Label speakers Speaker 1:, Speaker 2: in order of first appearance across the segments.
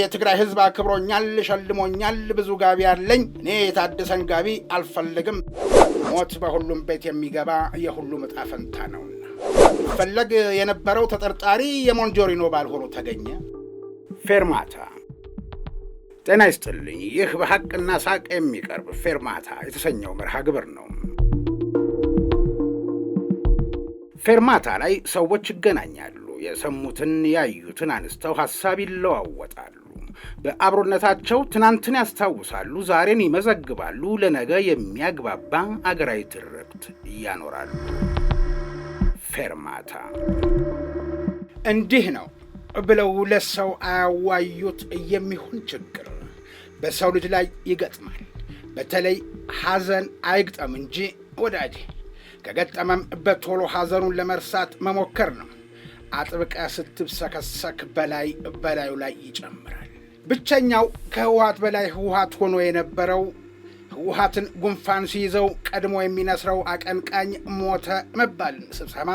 Speaker 1: የትግራይ ህዝብ አክብሮኛል፣ ሸልሞኛል፣ ብዙ ጋቢ አለኝ። እኔ የታደሰን ጋቢ አልፈልግም። ሞት በሁሉም ቤት የሚገባ የሁሉም ዕጣ ፈንታ ነውና ፈለግ የነበረው ተጠርጣሪ የሞንጆሪኖ ባል ሆኖ ተገኘ። ፌርማታ ጤና ይስጥልኝ። ይህ በሐቅና ሳቅ የሚቀርብ ፌርማታ የተሰኘው መርሃ ግብር ነው። ፌርማታ ላይ ሰዎች ይገናኛሉ። የሰሙትን ያዩትን አንስተው ሐሳብ ይለዋወጣሉ። በአብሮነታቸው ትናንትን ያስታውሳሉ፣ ዛሬን ይመዘግባሉ፣ ለነገ የሚያግባባ አገራዊ ትርክት እያኖራሉ። ፌርማታ እንዲህ ነው ብለው ለሰው አያዋዩት የሚሆን ችግር በሰው ልጅ ላይ ይገጥማል። በተለይ ሐዘን አይግጠም እንጂ ወዳጅ፣ ከገጠመም በቶሎ ሐዘኑን ለመርሳት መሞከር ነው። አጥብቀ ስትብሰከሰክ በላይ በላዩ ላይ ይጨምራል። ብቸኛው ከህወሀት በላይ ህወሀት ሆኖ የነበረው ህወሀትን ጉንፋን ሲይዘው ቀድሞ የሚነስረው አቀንቃኝ ሞተ መባልን ስብሰማ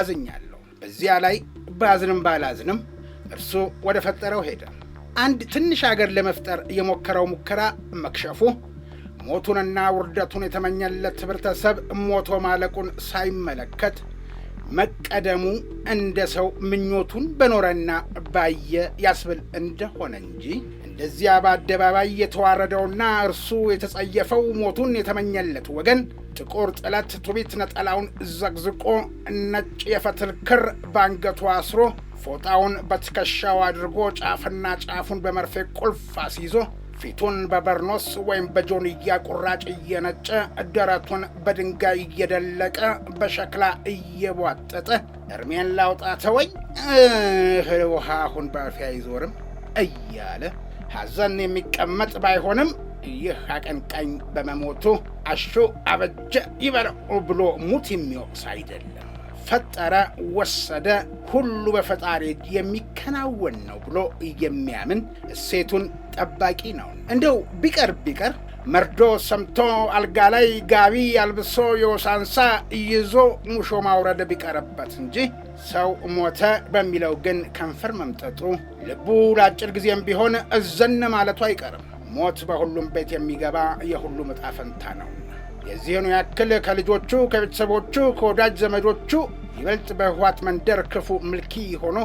Speaker 1: አዝኛለሁ። በዚያ ላይ ባዝንም ባላዝንም እርሱ ወደ ፈጠረው ሄደ። አንድ ትንሽ አገር ለመፍጠር የሞከረው ሙከራ መክሸፉ ሞቱንና ውርደቱን የተመኘለት ህብረተሰብ ሞቶ ማለቁን ሳይመለከት መቀደሙ እንደ ሰው ምኞቱን በኖረና ባየ ያስብል እንደሆነ እንጂ እንደዚያ በአደባባይ የተዋረደውና እርሱ የተጸየፈው ሞቱን የተመኘለት ወገን ጥቁር ጥለት ቱቢት ነጠላውን ዘግዝቆ ነጭ የፈትል ክር በአንገቱ አስሮ ፎጣውን በትከሻው አድርጎ ጫፍና ጫፉን በመርፌ ቁልፍ አስይዞ ፊቱን በበርኖስ ወይም በጆንያ ቁራጭ እየነጨ ደረቱን በድንጋይ እየደለቀ በሸክላ እየቧጠጠ እርሜን ላውጣ ተወኝ፣ እህል ውሃ አሁን በአፌ አይዞርም እያለ ሐዘን የሚቀመጥ ባይሆንም ይህ አቀንቃኝ በመሞቱ አሹ አበጀ ይበለው ብሎ ሙት የሚወቅስ አይደለም። ፈጠረ፣ ወሰደ፣ ሁሉ በፈጣሪ እጅ የሚከናወን ነው ብሎ የሚያምን እሴቱን ጠባቂ ነው። እንደው ቢቀር ቢቀር መርዶ ሰምቶ አልጋ ላይ ጋቢ አልብሶ የወሳንሳ ይዞ ሙሾ ማውረድ ቢቀርበት እንጂ ሰው ሞተ በሚለው ግን ከንፈር መምጠጡ ልቡ ለአጭር ጊዜም ቢሆን እዘን ማለቱ አይቀርም። ሞት በሁሉም ቤት የሚገባ የሁሉም ዕጣ ፈንታ ነው። የዚህኑ ያክል ከልጆቹ ከቤተሰቦቹ፣ ከወዳጅ ዘመዶቹ ይበልጥ በህዋት መንደር ክፉ ምልኪ ሆኖ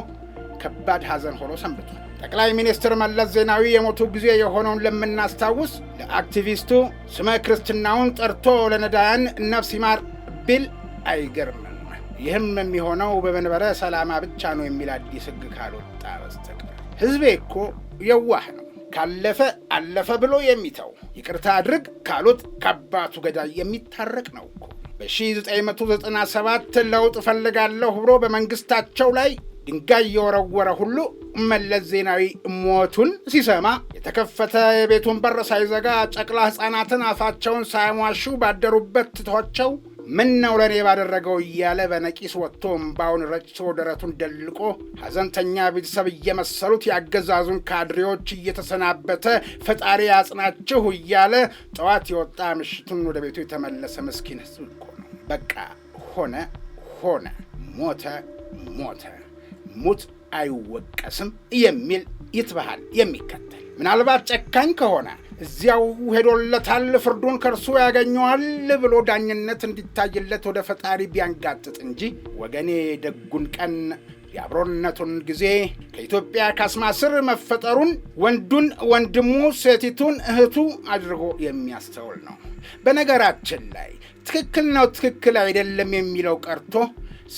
Speaker 1: ከባድ ሐዘን ሆኖ ሰንብቷል። ጠቅላይ ሚኒስትር መለስ ዜናዊ የሞቱ ጊዜ የሆነውን ለምናስታውስ ለአክቲቪስቱ ስመ ክርስትናውን ጠርቶ ለነዳያን ነፍስ ይማር ቢል አይገርምም። ይህም የሚሆነው በመንበረ ሰላማ ብቻ ነው የሚል አዲስ ህግ ካልወጣ በስተቀር። ህዝቤ እኮ የዋህ ነው። ካለፈ አለፈ ብሎ የሚተው ይቅርታ አድርግ ካሉት ከአባቱ ገዳይ የሚታረቅ ነው በ በ1997 ለውጥ እፈልጋለሁ ብሎ በመንግስታቸው ላይ ድንጋይ የወረወረ ሁሉ መለስ ዜናዊ ሞቱን ሲሰማ የተከፈተ የቤቱን በር ሳይዘጋ ጨቅላ ሕፃናትን አፋቸውን ሳያሟሹ ባደሩበት ትቷቸው ምን ነው ለእኔ ባደረገው እያለ በነቂስ ወጥቶ እምባውን ረጭቶ ደረቱን ደልቆ ሐዘንተኛ ቤተሰብ እየመሰሉት የአገዛዙን ካድሬዎች እየተሰናበተ ፈጣሪ ያጽናችሁ እያለ ጠዋት የወጣ ምሽቱን ወደ ቤቱ የተመለሰ ምስኪን ሕዝብ እኮ ነው። በቃ ሆነ ሆነ፣ ሞተ ሞተ፣ ሙት አይወቀስም የሚል ይትበሃል የሚከተል ምናልባት ጨካኝ ከሆነ እዚያው ሄዶለታል፣ ፍርዱን ከእርሱ ያገኘዋል ብሎ ዳኝነት እንዲታይለት ወደ ፈጣሪ ቢያንጋጥጥ እንጂ ወገኔ ደጉን ቀን የአብሮነቱን ጊዜ ከኢትዮጵያ ካስማ ስር መፈጠሩን ወንዱን ወንድሙ ሴቲቱን እህቱ አድርጎ የሚያስተውል ነው። በነገራችን ላይ ትክክል ነው፣ ትክክል አይደለም የሚለው ቀርቶ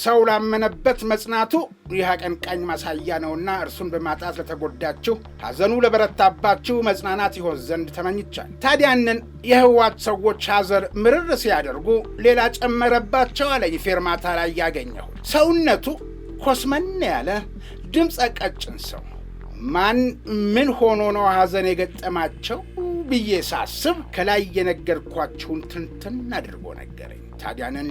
Speaker 1: ሰው ላመነበት መጽናቱ ይህ አቀንቃኝ ማሳያ ነውና እርሱን በማጣት ለተጎዳችሁ፣ ሐዘኑ ለበረታባችሁ መጽናናት ይሆን ዘንድ ተመኝቻል። ታዲያንን የህዋት ሰዎች ሐዘር ምርር ሲያደርጉ ሌላ ጨመረባቸው አለኝ ፌርማታ ላይ ያገኘሁ። ሰውነቱ ኮስመን ያለ ድምፀ ቀጭን ሰው ማን ምን ሆኖ ነው ሐዘን የገጠማቸው ብዬ ሳስብ ከላይ የነገርኳችሁን ትንትን አድርጎ ነገረኝ። ታዲያንን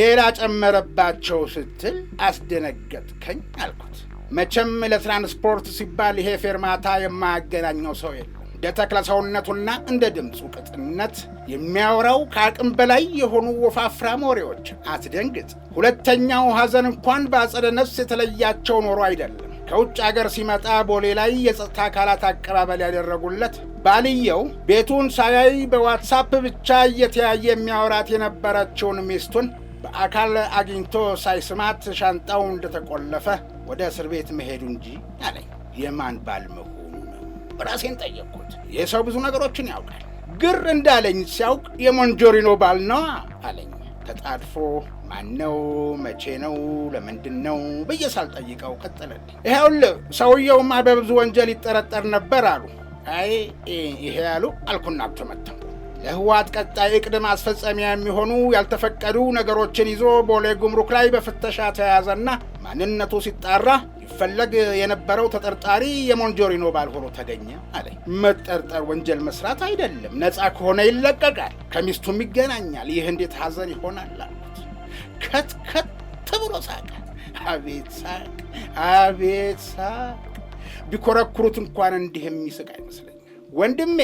Speaker 1: ሌላ ጨመረባቸው ስትል አስደነገጥከኝ አልኩት። መቼም ለትራንስፖርት ሲባል ይሄ ፌርማታ የማያገናኘው ሰው የለም። እንደ ተክለ ሰውነቱና እንደ ድምፁ ቅጥነት የሚያወራው ከአቅም በላይ የሆኑ ወፋፍራ ሞሬዎች አትደንግጥ። ሁለተኛው ሐዘን እንኳን በአጸደ ነፍስ የተለያቸው ኖሮ አይደለም ከውጭ አገር ሲመጣ ቦሌ ላይ የጸጥታ አካላት አቀባበል ያደረጉለት ባልየው ቤቱን ሳያይ በዋትሳፕ ብቻ እየተያየ የሚያወራት የነበረችውን ሚስቱን በአካል አግኝቶ ሳይስማት ሻንጣው እንደተቆለፈ ወደ እስር ቤት መሄዱ እንጂ አለኝ። የማን ባል መሆኑ ራሴን ጠየቅኩት። የሰው ብዙ ነገሮችን ያውቃል። ግር እንዳለኝ ሲያውቅ የሞንጆሪኖ ባል ነዋ አለኝ። ተጣድፎ ማን ነው? መቼ ነው? ለምንድን ነው ብዬ ሳልጠይቀው ቀጠለልኝ። ይኸውልህ ሰውየውማ በብዙ ወንጀል ይጠረጠር ነበር አሉ። አይ ይሄ ያሉ አልኩና አልተመታም። ለህወሓት ቀጣይ እቅድም ማስፈጸሚያ የሚሆኑ ያልተፈቀዱ ነገሮችን ይዞ ቦሌ ጉምሩክ ላይ በፍተሻ ተያያዘና ማንነቱ ሲጣራ ይፈለግ የነበረው ተጠርጣሪ የሞንጆሪኖ ባል ሆኖ ተገኘ አለ። መጠርጠር ወንጀል መስራት አይደለም። ነፃ ከሆነ ይለቀቃል፣ ከሚስቱም ይገናኛል። ይህ እንዴት ሀዘን ይሆናል? ከትከት ብሎ ሳቀ። አቤት ሳቅ! አቤት ሳቅ! ቢኮረኩሩት እንኳን እንዲህ የሚስቅ አይመስለኝ። ወንድሜ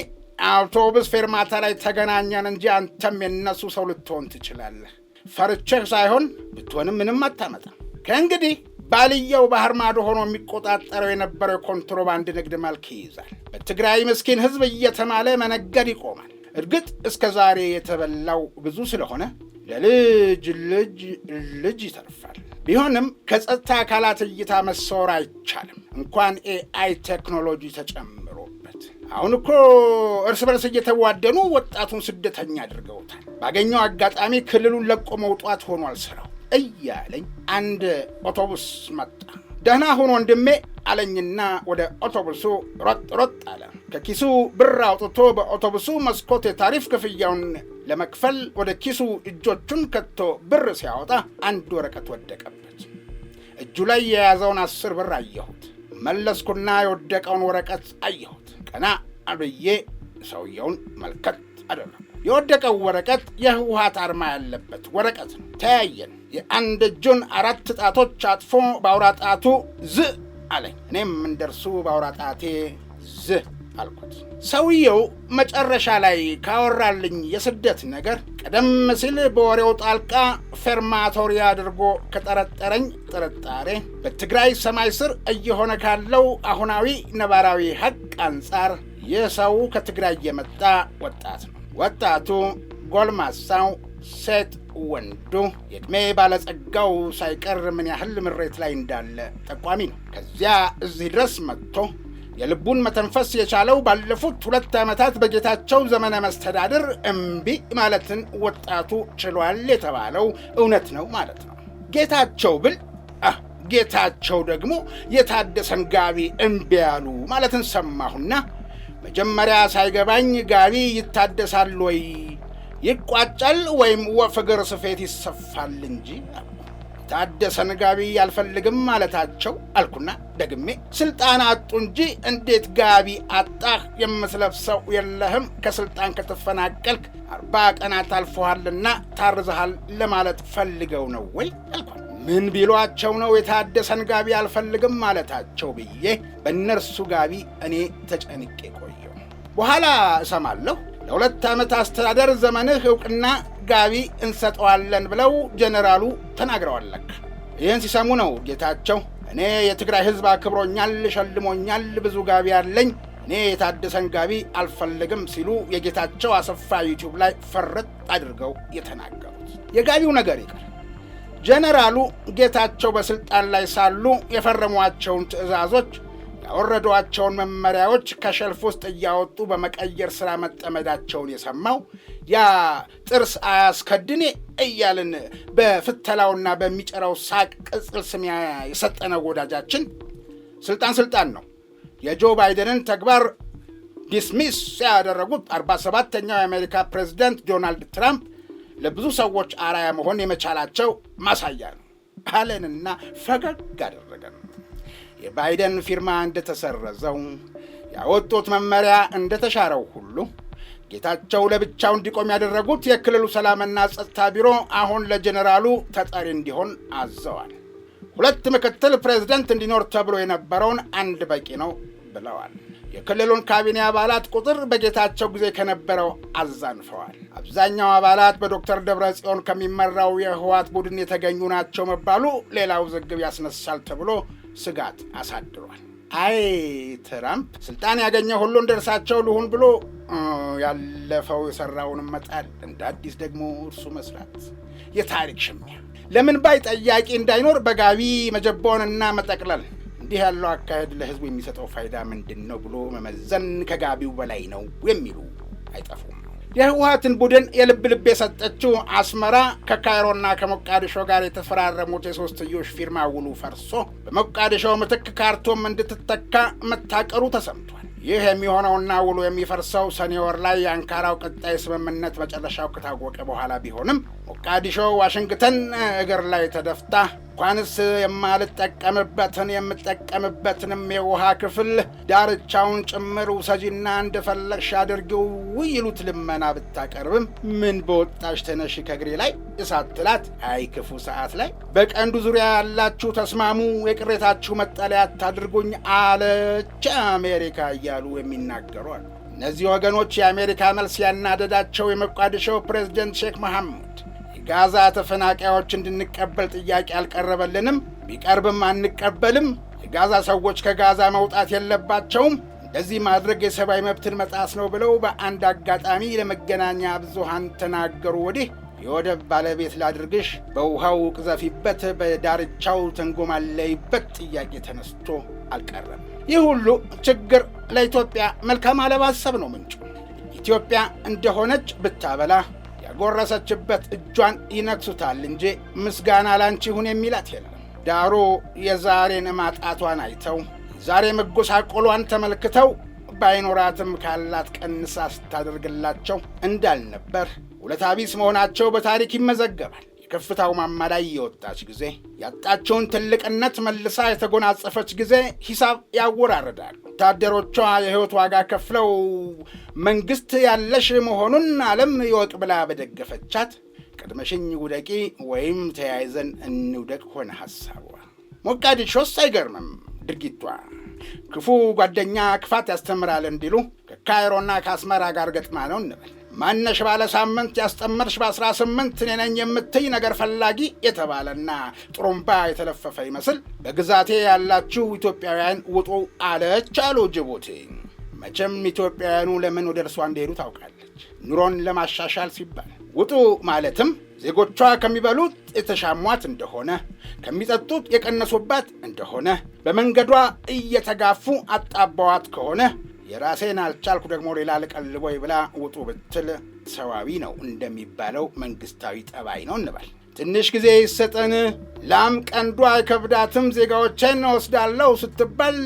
Speaker 1: አውቶቡስ ፌርማታ ላይ ተገናኘን እንጂ አንተም የነሱ ሰው ልትሆን ትችላለህ። ፈርቼህ ሳይሆን ብትሆንም ምንም አታመጣ። ከእንግዲህ ባልየው ባህር ማዶ ሆኖ የሚቆጣጠረው የነበረው የኮንትሮባንድ ንግድ መልክ ይይዛል። በትግራይ ምስኪን ሕዝብ እየተማለ መነገድ ይቆማል። እርግጥ እስከ ዛሬ የተበላው ብዙ ስለሆነ ለልጅ ልጅ ልጅ ይተርፋል። ቢሆንም ከጸጥታ አካላት እይታ መሰወር አይቻልም፣ እንኳን ኤአይ ቴክኖሎጂ ተጨምሮበት። አሁን እኮ እርስ በርስ እየተዋደኑ ወጣቱን ስደተኛ አድርገውታል። ባገኘው አጋጣሚ ክልሉን ለቆ መውጣት ሆኗል ስራው እያለኝ አንድ አውቶቡስ መጣ። ደህና ሁን ወንድሜ አለኝና ወደ አውቶቡሱ ሮጥ ሮጥ አለ። ከኪሱ ብር አውጥቶ በአውቶቡሱ መስኮት የታሪፍ ክፍያውን ለመክፈል ወደ ኪሱ እጆቹን ከቶ ብር ሲያወጣ አንድ ወረቀት ወደቀበት። እጁ ላይ የያዘውን አስር ብር አየሁት። መለስኩና የወደቀውን ወረቀት አየሁት። ቀና አብዬ ሰውየውን መልከት አደረጉ። የወደቀው ወረቀት የህወሀት አርማ ያለበት ወረቀት ነው። ተያየን። የአንድ እጁን አራት ጣቶች አጥፎ በአውራ ጣቱ ዝ አለኝ። እኔም እንደርሱ በአውራ ጣቴ ዝ አልኩት። ሰውየው መጨረሻ ላይ ካወራልኝ የስደት ነገር ቀደም ሲል በወሬው ጣልቃ ፌርማቶሪ አድርጎ ከጠረጠረኝ ጥርጣሬ በትግራይ ሰማይ ስር እየሆነ ካለው አሁናዊ ነባራዊ ሀቅ አንጻር ይህ ሰው ከትግራይ የመጣ ወጣት ነው። ወጣቱ፣ ጎልማሳው፣ ሴት ወንዱ የዕድሜ ባለጸጋው ሳይቀር ምን ያህል ምሬት ላይ እንዳለ ጠቋሚ ነው። ከዚያ እዚህ ድረስ መጥቶ የልቡን መተንፈስ የቻለው ባለፉት ሁለት ዓመታት በጌታቸው ዘመነ መስተዳድር እምቢ ማለትን ወጣቱ ችሏል የተባለው እውነት ነው ማለት ነው። ጌታቸው ብል ጌታቸው ደግሞ የታደሰን ጋቢ እምቢ ያሉ ማለትን ሰማሁና መጀመሪያ ሳይገባኝ ጋቢ ይታደሳል ወይ ይቋጫል ወይም ወፍ እግር ስፌት ይሰፋል እንጂ ታደሰ ጋቢ አልፈልግም ማለታቸው አልኩና ደግሜ ስልጣን አጡ እንጂ እንዴት ጋቢ አጣህ? የምትለብሰው የለህም። ከስልጣን ከተፈናቀልክ አርባ ቀናት አልፎሃልና ታርዘሃል ለማለት ፈልገው ነው ወይ አልኳል። ምን ቢሏቸው ነው የታደሰን ጋቢ አልፈልግም ማለታቸው ብዬ በእነርሱ ጋቢ እኔ ተጨንቄ ቆየው። በኋላ እሰማለሁ ለሁለት ዓመት አስተዳደር ዘመንህ ዕውቅና በድጋሚ እንሰጠዋለን ብለው ጀኔራሉ ተናግረዋለክ። ይህን ሲሰሙ ነው ጌታቸው እኔ የትግራይ ህዝብ አክብሮኛል፣ ሸልሞኛል፣ ብዙ ጋቢ አለኝ፣ እኔ የታደሰን ጋቢ አልፈልግም ሲሉ የጌታቸው አሰፋ ዩቲዩብ ላይ ፈረጥ አድርገው የተናገሩት። የጋቢው ነገር ይቀር ጀነራሉ ጌታቸው በስልጣን ላይ ሳሉ የፈረሟቸውን ትዕዛዞች ያወረዷቸውን መመሪያዎች ከሸልፍ ውስጥ እያወጡ በመቀየር ስራ መጠመዳቸውን የሰማው ያ ጥርስ አያስከድኔ እያልን በፍተላውና በሚጨራው ሳቅ ቅጽል ስሚያ የሰጠነው ወዳጃችን ስልጣን ስልጣን ነው የጆ ባይደንን ተግባር ዲስሚስ ያደረጉት 47ተኛው የአሜሪካ ፕሬዚደንት ዶናልድ ትራምፕ ለብዙ ሰዎች አራያ መሆን የመቻላቸው ማሳያ ነው አለንና ፈገግ አደረገን። የባይደን ፊርማ እንደተሰረዘው ያወጡት መመሪያ እንደተሻረው ሁሉ ጌታቸው ለብቻው እንዲቆም ያደረጉት የክልሉ ሰላምና ጸጥታ ቢሮ አሁን ለጀኔራሉ ተጠሪ እንዲሆን አዘዋል። ሁለት ምክትል ፕሬዝደንት እንዲኖር ተብሎ የነበረውን አንድ በቂ ነው ብለዋል። የክልሉን ካቢኔ አባላት ቁጥር በጌታቸው ጊዜ ከነበረው አዛንፈዋል። አብዛኛው አባላት በዶክተር ደብረ ጽዮን ከሚመራው የህወሓት ቡድን የተገኙ ናቸው መባሉ ሌላ ውዝግብ ያስነሳል ተብሎ ስጋት አሳድሯል። አይ ትራምፕ ስልጣን ያገኘ ሁሉ እንደርሳቸው ልሁን ብሎ ያለፈው የሰራውን መጣል እንደ አዲስ ደግሞ እርሱ መስራት የታሪክ ሽሚያ ለምን ባይ ጠያቂ እንዳይኖር በጋቢ መጀቦንና መጠቅለል እንዲህ ያለው አካሄድ ለህዝቡ የሚሰጠው ፋይዳ ምንድን ነው ብሎ መመዘን ከጋቢው በላይ ነው የሚሉ አይጠፉም። የህወሀትን ቡድን የልብ ልብ የሰጠችው አስመራ ከካይሮና ከሞቃዲሾ ጋር የተፈራረሙት የሶስትዮሽ ፊርማ ውሉ ፈርሶ በሞቃዲሾ ምትክ ካርቶም እንድትተካ መታቀሩ ተሰምቷል። ይህ የሚሆነውና ውሉ የሚፈርሰው ሰኔ ወር ላይ የአንካራው ቀጣይ ስምምነት መጨረሻው ከታወቀ በኋላ ቢሆንም ሞቃዲሾ ዋሽንግተን እግር ላይ ተደፍታ እንኳንስ የማልጠቀምበትን የምጠቀምበትንም የውሃ ክፍል ዳርቻውን ጭምር ውሰጂና እንደፈለግሽ አድርጊው ይሉት ልመና ብታቀርብም ምን በወጣሽ ተነሽ ከግሬ ላይ እሳት ትላት። አይ ክፉ ሰዓት ላይ በቀንዱ ዙሪያ ያላችሁ ተስማሙ፣ የቅሬታችሁ መጠለያ አታድርጉኝ አለች አሜሪካ እያሉ የሚናገሯል። እነዚህ ወገኖች የአሜሪካ መልስ ያናደዳቸው የሞቃዲሾው ፕሬዚደንት ሼክ መሐመድ ጋዛ ተፈናቃዮች እንድንቀበል ጥያቄ አልቀረበልንም። ቢቀርብም አንቀበልም። የጋዛ ሰዎች ከጋዛ መውጣት የለባቸውም። እንደዚህ ማድረግ የሰብአዊ መብትን መጣስ ነው ብለው በአንድ አጋጣሚ ለመገናኛ ብዙሃን ተናገሩ። ወዲህ የወደብ ባለቤት ላድርግሽ፣ በውሃው ቅዘፊበት፣ በዳርቻው ተንጎማለይበት ጥያቄ ተነስቶ አልቀረም። ይህ ሁሉ ችግር ለኢትዮጵያ መልካም አለባሰብ ነው ምንጩ ኢትዮጵያ እንደሆነች ብታበላ ያጎረሰችበት እጇን ይነክሱታል እንጂ ምስጋና ላንቺ ሁን የሚላት የለም። ዳሩ የዛሬን ማጣቷን አይተው ዛሬ መጎሳቆሏን ተመልክተው ባይኖራትም ካላት ቀንሳ ስታደርግላቸው እንዳልነበር ሁለታቢስ መሆናቸው በታሪክ ይመዘገባል። ከፍታው ማማ ላይ የወጣች ጊዜ፣ ያጣቸውን ትልቅነት መልሳ የተጎናጸፈች ጊዜ ሂሳብ ያወራርዳል። ወታደሮቿ የህይወት ዋጋ ከፍለው መንግስት ያለሽ መሆኑን ዓለም ይወቅ ብላ በደገፈቻት ቅድመሽኝ ውደቂ ወይም ተያይዘን እንውደቅ ሆነ ሐሳቧ። ሞቃዲሾስ አይገርምም ድርጊቷ። ክፉ ጓደኛ ክፋት ያስተምራል እንዲሉ ከካይሮና ከአስመራ ጋር ገጥማ ነው እንበል። ማነሽ ባለ ሳምንት ያስጠመድሽ በአስራ ስምንት እኔ ነኝ የምትይ ነገር ፈላጊ የተባለና ጥሩምባ የተለፈፈ ይመስል በግዛቴ ያላችሁ ኢትዮጵያውያን ውጡ አለች አሉ ጅቡቲ። መቼም ኢትዮጵያውያኑ ለምን ወደ እርሷ እንደሄዱ ታውቃለች። ኑሮን ለማሻሻል ሲባል ውጡ ማለትም ዜጎቿ ከሚበሉት የተሻሟት እንደሆነ ከሚጠጡት የቀነሱባት እንደሆነ በመንገዷ እየተጋፉ አጣባዋት ከሆነ የራሴን አልቻልኩ ደግሞ ሌላ ወይ ብላ ውጡ ብትል ሰዋዊ ነው እንደሚባለው መንግስታዊ ጠባይ ነው እንባል። ትንሽ ጊዜ ይሰጠን፣ ላም ቀንዱ አይከብዳትም፣ ዜጋዎቼን እወስዳለሁ ስትባል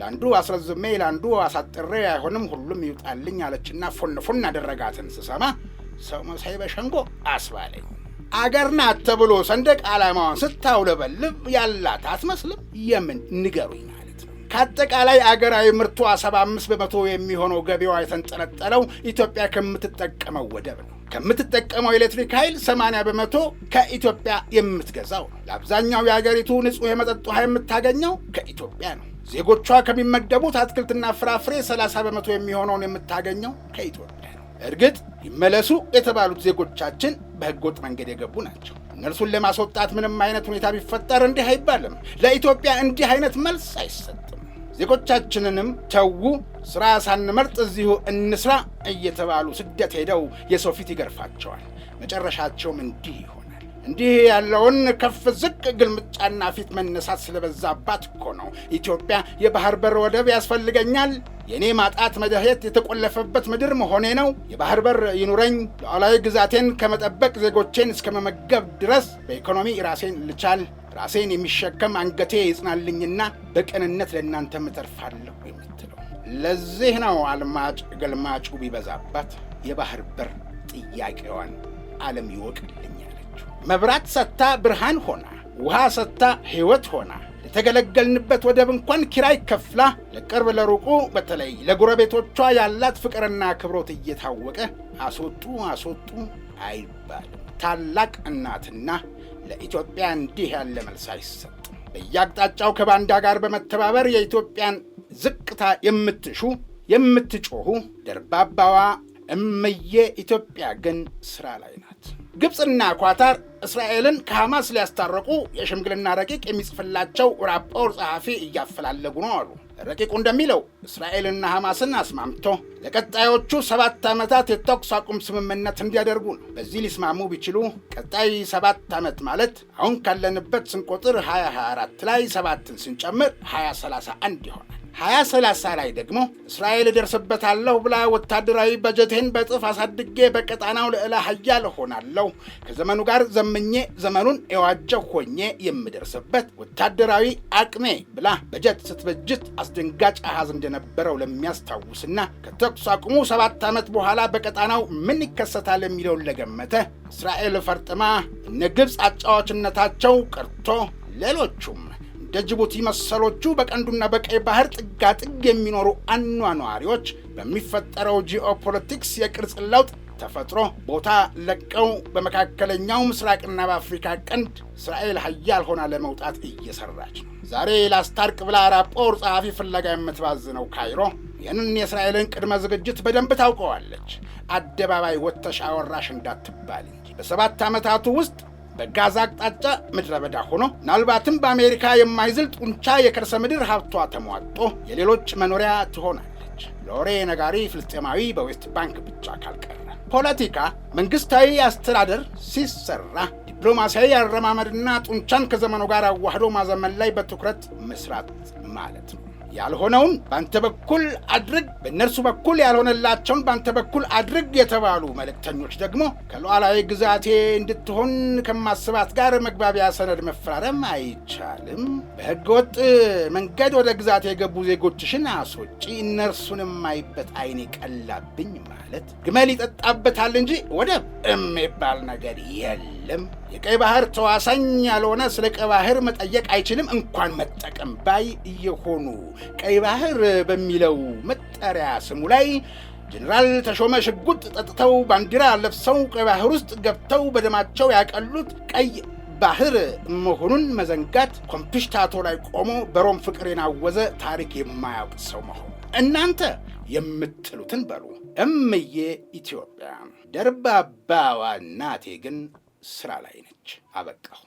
Speaker 1: ለአንዱ አስረዝሜ ለአንዱ አሳጥሬ አይሆንም ሁሉም ይውጣልኝ አለችና ፎንፎን አደረጋትን ስሰማ ሰው መሳይ በሸንጎ አስባለኝ። አገር ናት ተብሎ ሰንደቅ ዓላማዋን ስታውለበልብ ያላት አትመስልም። የምን ንገሩኝ ከአጠቃላይ አገራዊ ምርቷ 75 በመቶ የሚሆነው ገቢዋ የተንጠለጠለው ኢትዮጵያ ከምትጠቀመው ወደብ ነው። ከምትጠቀመው ኤሌክትሪክ ኃይል 80 በመቶ ከኢትዮጵያ የምትገዛው ነው። ለአብዛኛው የአገሪቱ ንጹህ የመጠጥ ውሃ የምታገኘው ከኢትዮጵያ ነው። ዜጎቿ ከሚመደቡት አትክልትና ፍራፍሬ 30 በመቶ የሚሆነውን የምታገኘው ከኢትዮጵያ ነው። እርግጥ ይመለሱ የተባሉት ዜጎቻችን በሕገወጥ መንገድ የገቡ ናቸው። እነርሱን ለማስወጣት ምንም አይነት ሁኔታ ቢፈጠር እንዲህ አይባልም። ለኢትዮጵያ እንዲህ አይነት መልስ አይሰጥም። ዜጎቻችንንም ተዉ፣ ስራ ሳንመርጥ እዚሁ እንስራ እየተባሉ ስደት ሄደው የሰው ፊት ይገርፋቸዋል። መጨረሻቸውም እንዲህ ይሆናል። እንዲህ ያለውን ከፍ ዝቅ ግልምጫና ፊት መነሳት ስለበዛባት እኮ ነው ኢትዮጵያ የባህር በር ወደብ ያስፈልገኛል፣ የእኔ ማጣት መድሄት የተቆለፈበት ምድር መሆኔ ነው፣ የባህር በር ይኑረኝ፣ ሉዓላዊ ግዛቴን ከመጠበቅ ዜጎቼን እስከ መመገብ ድረስ በኢኮኖሚ ራሴን ልቻል ራሴን የሚሸከም አንገቴ ይጽናልኝና በቅንነት ለእናንተ ምተርፋለሁ የምትለው ለዚህ ነው። አልማጭ ገልማጩ ቢበዛባት የባህር በር ጥያቄዋን ዓለም ይወቅልኝ አለችው። መብራት ሰጥታ ብርሃን ሆና፣ ውሃ ሰጥታ ሕይወት ሆና የተገለገልንበት ወደብ እንኳን ኪራይ ከፍላ ለቅርብ ለሩቁ በተለይ ለጎረቤቶቿ ያላት ፍቅርና አክብሮት እየታወቀ አስወጡ አስወጡ አይባልም። ታላቅ እናትና ለኢትዮጵያ እንዲህ ያለ መልስ አይሰጥ። በየአቅጣጫው ከባንዳ ጋር በመተባበር የኢትዮጵያን ዝቅታ የምትሹ የምትጮሁ ደርባባዋ እመዬ ኢትዮጵያ ግን ስራ ላይ ናት። ግብፅና ኳታር እስራኤልን ከሐማስ ሊያስታረቁ የሽምግልና ረቂቅ የሚጽፍላቸው ራፖር ጸሐፊ እያፈላለጉ ነው አሉ። ረቂቁ እንደሚለው እስራኤልና ሐማስን አስማምቶ ለቀጣዮቹ ሰባት ዓመታት የተኩስ አቁም ስምምነት እንዲያደርጉ ነው። በዚህ ሊስማሙ ቢችሉ ቀጣይ ሰባት ዓመት ማለት አሁን ካለንበት ስንቆጥር 2024 ላይ ሰባትን ስንጨምር 2031 ይሆናል። ሀያ ሰላሳ ላይ ደግሞ እስራኤል እደርስበታለሁ ብላ ወታደራዊ በጀቴን በጥፍ አሳድጌ በቀጣናው ልዕለ ሀያል እሆናለሁ ከዘመኑ ጋር ዘምኜ ዘመኑን የዋጀው ሆኜ የምደርስበት ወታደራዊ አቅሜ ብላ በጀት ስትበጅት አስደንጋጭ አሃዝ እንደነበረው ለሚያስታውስና ከተኩስ አቁሙ ሰባት ዓመት በኋላ በቀጣናው ምን ይከሰታል የሚለውን ለገመተ እስራኤል ፈርጥማ እነ ግብፅ አጫዋችነታቸው ቀርቶ ሌሎቹም ደጅቡቲ መሰሎቹ በቀንዱና በቀይ ባህር ጥጋጥግ የሚኖሩ አኗኗሪዎች በሚፈጠረው ጂኦፖለቲክስ የቅርጽ ለውጥ ተፈጥሮ ቦታ ለቀው በመካከለኛው ምስራቅና በአፍሪካ ቀንድ እስራኤል ሀያል ሆና ለመውጣት እየሰራች ነው። ዛሬ ላስታርቅ ብላ ራፖር ጸሐፊ ፍለጋ የምትባዝነው ካይሮ ይህንን የእስራኤልን ቅድመ ዝግጅት በደንብ ታውቀዋለች። አደባባይ ወጥተሽ አወራሽ እንዳትባል እንጂ በሰባት ዓመታቱ ውስጥ በጋዛ አቅጣጫ ምድረ በዳ ሆኖ ምናልባትም በአሜሪካ የማይዝል ጡንቻ የከርሰ ምድር ሀብቷ ተሟጦ የሌሎች መኖሪያ ትሆናለች። ለወሬ ነጋሪ ፍልስጤማዊ በዌስት ባንክ ብቻ ካልቀረ ፖለቲካ መንግስታዊ አስተዳደር ሲሰራ ዲፕሎማሲያዊ አረማመድና ጡንቻን ከዘመኑ ጋር አዋህዶ ማዘመን ላይ በትኩረት መስራት ማለት ነው። ያልሆነውን ባንተ በኩል አድርግ፣ በእነርሱ በኩል ያልሆነላቸውን ባንተ በኩል አድርግ የተባሉ መልእክተኞች ደግሞ ከሉዓላዊ ግዛቴ እንድትሆን ከማስባት ጋር መግባቢያ ሰነድ መፈራረም አይቻልም። በሕገወጥ መንገድ ወደ ግዛቴ የገቡ ዜጎችሽን አስወጪ፣ እነርሱን የማይበት አይኔ ቀላብኝ ማለት ግመል ይጠጣበታል እንጂ ወደብ የሚባል ነገር የለም። የለም። የቀይ ባህር ተዋሳኝ ያልሆነ ስለ ቀይ ባህር መጠየቅ አይችልም እንኳን መጠቀም ባይ እየሆኑ ቀይ ባህር በሚለው መጠሪያ ስሙ ላይ ጀኔራል ተሾመ ሽጉጥ ጠጥተው ባንዲራ ለብሰው ቀይ ባህር ውስጥ ገብተው በደማቸው ያቀሉት ቀይ ባህር መሆኑን መዘንጋት ኮምፒሽታቶ ላይ ቆሞ በሮም ፍቅር የናወዘ ታሪክ የማያውቅ ሰው መሆኑ። እናንተ የምትሉትን በሉ። እምዬ ኢትዮጵያ ደርባባዋ እናቴ ግን ስራ ላይ ነች። አበቃሁ።